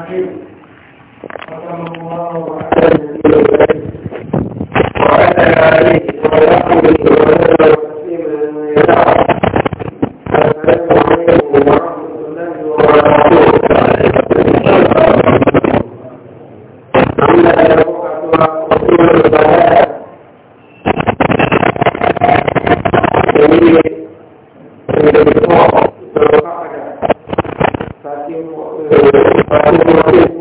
وعلى آله ويقول Thank you.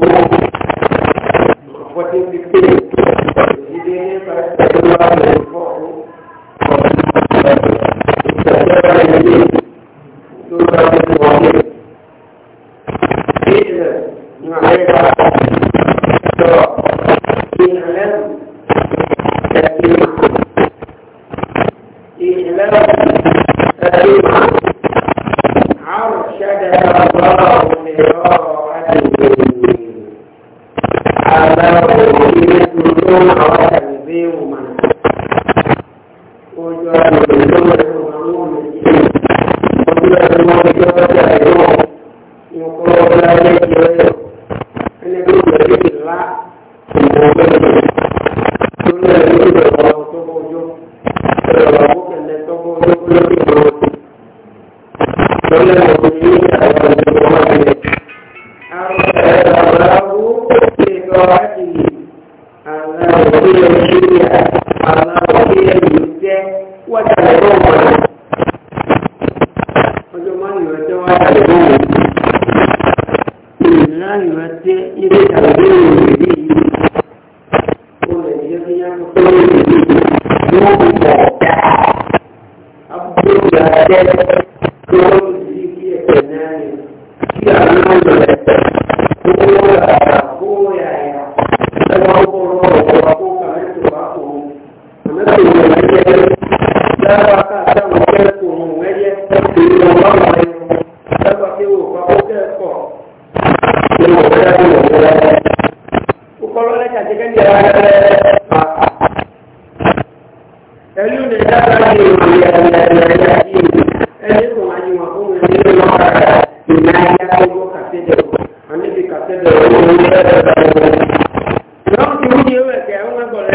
àlùwàlá lórí ẹ̀rọ ìjọba tó bọ́ ọjọ́ ẹ̀rọ àbúkẹ̀lẹ̀ tó bọ́ ọjọ́ lórí ìjọba lórí ẹ̀rọ tó ní àwọn ìjọba rẹ̀. àwọn ẹ̀rọ àbúrò ṣe lọ láti àlà òbí ẹ̀ṣẹ̀ àlà òbí ẹ̀yìn jẹ́ wọ́dà lọ́wọ́ wọn. ọjọ́ máa ń ìrọ̀jẹ́ wá. ìrìnà ìrọ̀jẹ́ ilé ìtàgé ìròyìn. Abu Jahal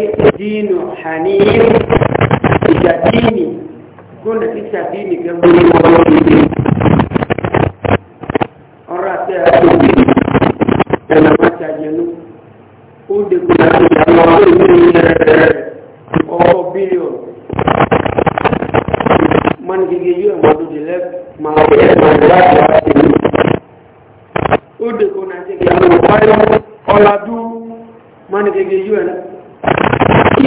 yake dinu hanif ya dini kuna kisha dini gambo orate yana macha jenu ude kuna ya o billion man gige yo ma du dilek ma ude kuna ya ma oladu man gige yo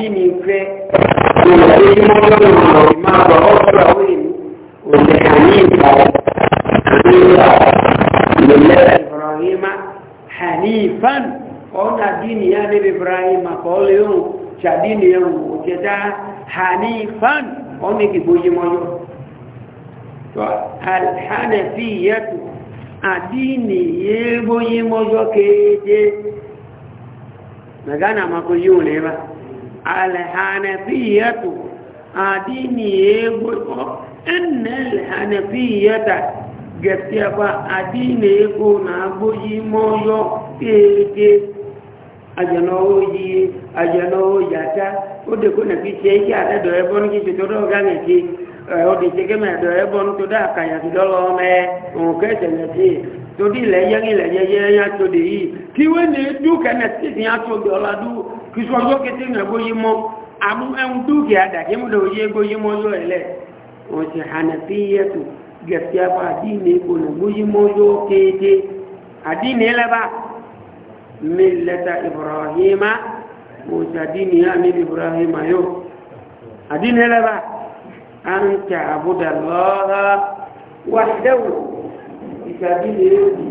àbí mi fẹ́ ìwọ̀n tí mo lọ́rùn ọ̀rọ̀ máa bọ̀ ọ́sọ̀rọ̀ àwọn èmi òṣè àní ìmọ̀ àbí ìlẹ̀ ìbrọ̀hìmá hanifan ọ̀nà dínì yá níbi ìbrọ̀hìmá kọ́ lè rùn ṣàdínì ẹ̀rùn òjẹ̀dá hanifan ọ̀nà ìgbò yímọ́yọ́ alhanafiyatu àdínì yébóyímọ́yọ́ kéèdè magana mako yíò lè bá alhanafiyatu adini ego inna oh, alhanafiyata gaskiya ba adini ego na agboyi moyo ege ajanoyi ajanoyata o de ko na fi se yi ade do ebon ki to do ga ne ki eh, o de se ke me do ebon to da ka ya ti do lo me o ke se ne ti to di le ye ni le ye ye ya to de yi ki we ne du ka na ti ya to do la du kìsù ọjọ́ kété ní ẹgbóyí mọ́ àmú ẹun dúkì àdàkí mú lòó yé gbóyí mọ́ yóò ẹ̀lẹ́ wọ́n ti hànà sí yẹtù gẹ̀ẹ́sì apá àdínì kò ní gbóyí mọ́ yóò kéde àdínì lẹ́bà mílẹ̀ta ibrahima mọ̀tí àdínì àmì ibrahima yóò àdínì lẹ́bà à ń tẹ àbúdà lọ́ọ́ wà dẹ́wù ìṣàdínì yóò di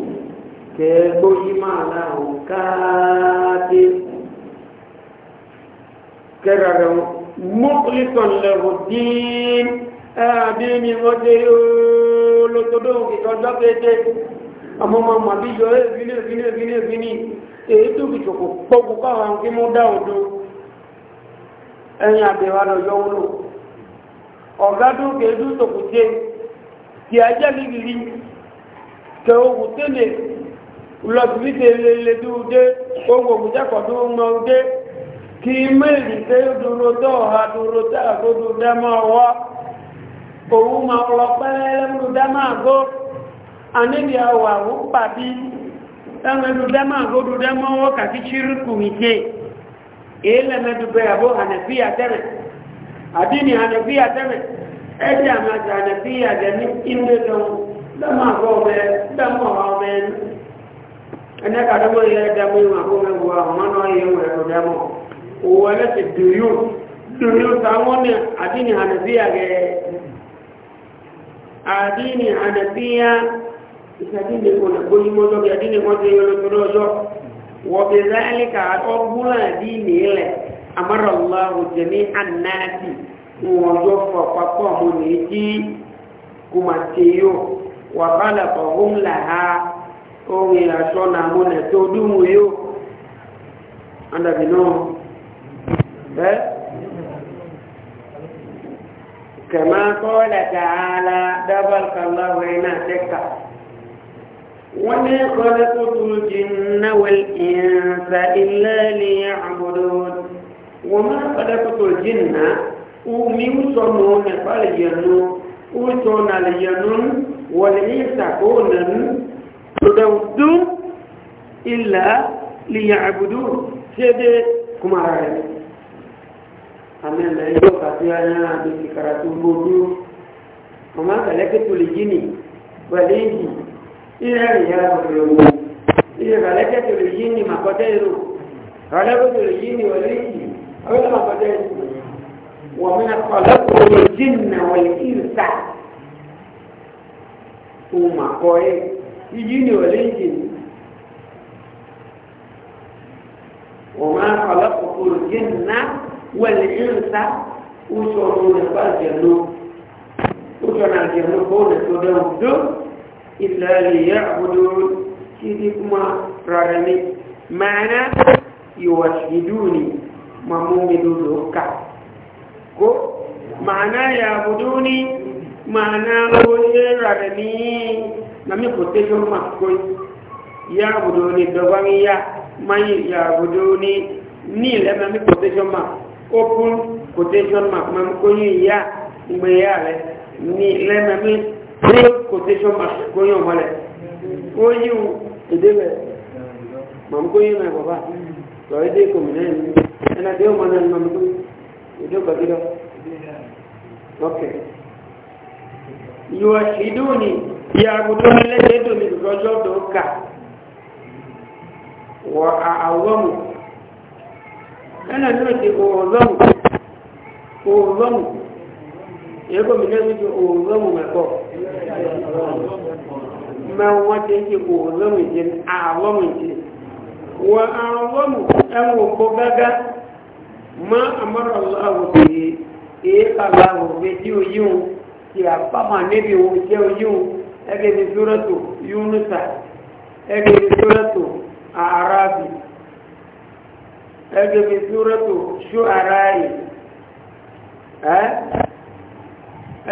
kẹ́ẹ́ máa láwọn káàdé kẹrẹrẹ mọ́kúlítọ̀lẹ̀rù dín ààbí mi ọdẹ olótòdó ìtọ́jọ́ kéde àmọ́mọ́ màbíjọ ẹ̀fínì ẹ̀fínì ẹ̀fínì ẹ̀fínì èyí tó fi ṣòkò pọ́kù káwọn kí mú dá òdo ẹ̀yìn àbẹ̀wà lọ́yọ́ wúlò ọ̀gádùn kẹ́ẹ̀dù tòkùté tí a jẹ́ lígìrí kẹ ogun tẹ́lẹ̀ lọ́sibítẹ̀ lẹ́lẹ́dú dé ogun ògùnjẹ́kọ̀ọ́dún mọ́ dé kí méjì tí ó dúró tó ọ̀há dúró tó ọwọ́ òun ma ọlọ pẹ́lẹ́lẹ́mú dámọ́ àgó aníbi àwọ̀ àwọn pàbí ẹmẹ́dú dámọ́ àgódú dámọ́ ọwọ́ kàkí ṣírùkù ìjẹ́ èélẹ́mẹ́dú bẹ́ àbó hànẹ̀fíà tẹ́rẹ̀ àdínì hànẹ̀fíà tẹ́rẹ̀ ẹ̀dí àmàjà hànẹ̀fíà jẹ́ ní ìmúlẹ̀dọ̀ dámọ́ àgọ́ ọmọ ẹ̀ dámọ́ ọmọ ẹ̀ owó ẹlẹ́sẹ̀ dòyó dòyó táwọn ní àdínì ànàbíyà gẹ̀ àdínì ànàbíyà ìsàdínì olùgbóyìmọ́jọ́ bí àdínì kan ti yọ lọ́tọ́rọ́ ọjọ́ wọ́n bí záàlìkà ọgbúnlá àdínì ilẹ̀ amárànláhùn jẹ̀mí ànáàtì wọn yọ fọ papọ̀ mọ́ ní jí Anda bi كما قال تعالى دبر الله هنا دكا وما خلقت الجن والإنس إلا ليعبدون وما خلقت الجن ومن صنون فالجنون وصون الْجِنَّ والإنس كونا إلا ليعبدون كما amenda hiyo kasiana bikikaratubudu mamaka leke tulijini walingi ile hali ya kulomu ile kaleke tulijini makoteru kaleke tulijini walingi awela makoteru ومن خلقه الجن والإنس وما قوي الجن والإنس وما خلقه الجن wẹ̀lì ìrìnsá oṣù ọ̀run nípa àjẹ̀lú oṣù ọ̀run àjẹ̀lú bóòlù tó dẹ̀wò dó ilẹ̀ ìyá àbúdó kíri kuma rárá ní mẹ́rin ìwà ṣìdú ni mamu mi lòlò ká kó màánà ìyá àbúdó ni màánà ó ṣe rárá ní mami kò tẹ́jọ́ máa kó ìyá àbúdó ni dọ́gbà máyì ìyá àbúdó ni ní ilẹ̀ mami kò tẹ́jọ́ máa open quotation mark mam kóyún ya ìgbé ya rẹ ní lẹ́nà mi pre quotation mark kóyún ọmọ rẹ kóyún èdè rẹ mam kóyún rẹ bàbá lọ èdè kòmìnà ẹni ẹnà tí ó mọ náà mam kóyún èdè gbàgídọ ok yóò ṣìdú ni yàgò tó ní lẹ́yìn ètò mi lọ́jọ́ tó kà wọ àwọn mọ̀. ẹnà náà ti òòrùn òòrùn ẹgbẹ́ mi lẹ́nu ti òòrùn wọ́n kó gágá àmọ́rọ̀ tí ó yíwò tí níbi tí ó yíwò ẹgbẹ́ mi ẹgbẹ́ mi ẹgbẹ́ bí súrẹ́tù ṣú ara yìí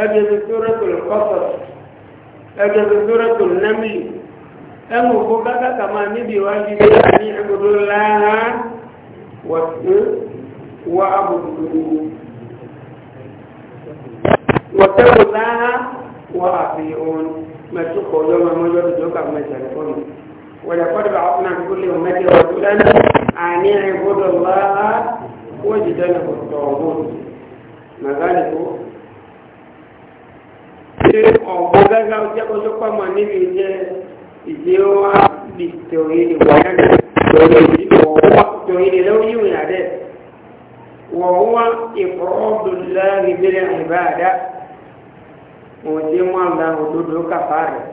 ẹgbẹ́ bí súrẹ́tù kọ́sọ̀ ẹgbẹ́ bí súrẹ́tù nẹ́mì ẹnu kó kákà kàmá níbi ìwájú bí i ní ẹgbẹ́dọ́ láhá wà ábùdù wọ́tẹ́wò láhá wà àfihàn mẹ́tùkọ̀ ọjọ́ mọ́jọ́ ìjọ́kà mẹ́tẹ̀ẹ̀kọ́ yìí ولقد بعثنا في كل أمة رسولا أن اعبدوا الله واجتنبوا الطاغوت ما ذلك ọ̀gbọ́gbẹ́gbẹ́ ọjọ́ kọjọ́ pàmò níbi iṣẹ́ ìṣẹ́wà tòhìnì wọ̀nyánà tòhìnì lọ́wọ́ yíwìn àdẹ́ wọ̀húnwá ìfọ́ọ̀dùnlẹ́rìn bílẹ̀ ìbáadá òun tí wọ́n ń da òdodo kàfà rẹ̀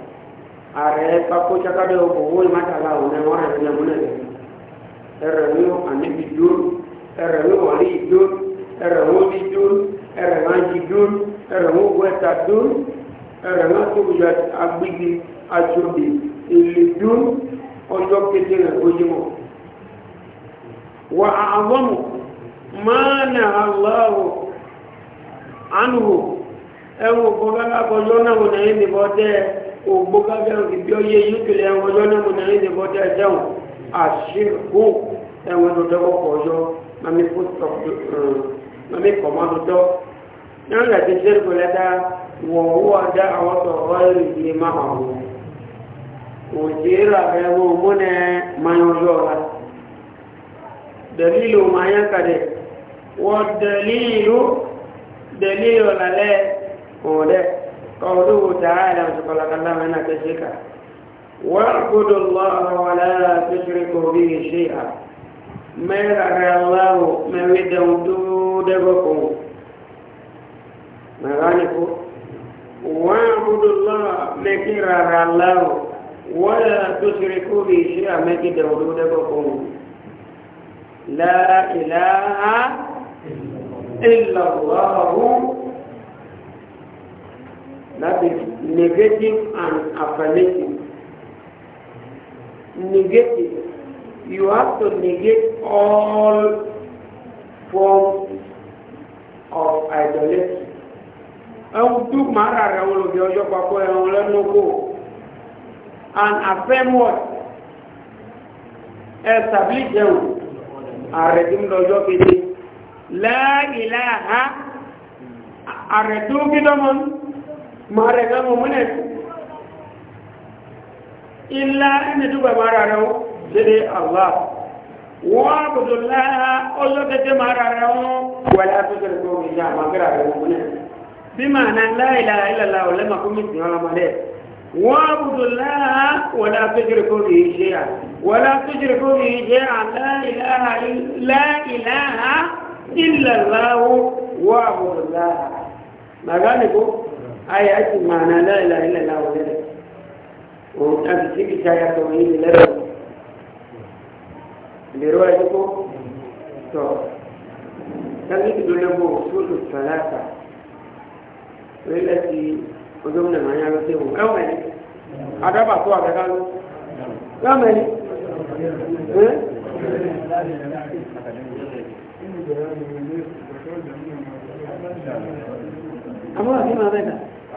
are papo chakade o boy matala o ne wara ne mune de ere ni o ani bidur ere ni o ali bidur ere o bidur ere na bidur ere o weta dur ere na to buja agbigi ajodi ile dur ojo kete na gojimo wa a'zamu ma na allah anhu ewo ko ga ko yo na wo ne ni bo de ògbó kábẹ́rù ìbí ọyẹ yìí tó lẹ ẹwọn ọjọ́ náà mo náà ní ìdìbò tẹ ẹjẹun àṣìkò ẹwọn ọdọ ọkọ ọjọ mami kò tọ mami kọ má lọ dọ náà láti ṣe é kọlẹ dá wọ́n wọ́ dá àwọn tó ọ̀rọ̀ ìdí má wà wọ́n òjì rà ẹwọn múnẹ mayọ ọjọ wa dẹlílò mayọ kàdé wọ́n dẹlílò dẹlílò lálẹ́ òun dẹ́. قوله تعالى وتقلق الله أنا تشركا واعبدوا الله ولا تشركوا به شيئا ما يرعى الله ما يدعو دودكم غالبه واعبدوا الله ما يرعى الله ولا تشركوا به شيئا ما يدعو دودكم لا إله إلا الله That is negative and affirmative. Negative. You have to negate all forms of idolatry. Ẹ̀hún tó máa rà rẹ̀ wọ́n lòdì ọjọ́ papọ̀ ẹ̀hún lẹ́nu kò. And affirm what? Establish ẹ̀hún. Ààrẹ tí ń lọ́jọ́ kejì. La ilaha. Ààrẹ tó kí dọ́mọ́nù mara gama mune illa ina duba mara rawo sai Allah wa abdullah ozo tete mara rawo wala tudul ko mi ja magara rawo mune bima nan la ilaha illallah wala makumi tiwala male wa abdullah wala tujriku bi shay'a wala tujriku bi shay'a la ilaha la ilaha illallah wa abdullah magani ko آية معنى لا إله إلا الله وذلك وأبسك شاية توحيد لك بروايتكم طب تجد له أصول الثلاثة والتي قدمنا معنا بسيهم كم يعني؟ هذا بقى صوى قالوا كم يعني؟ أما في ماذا؟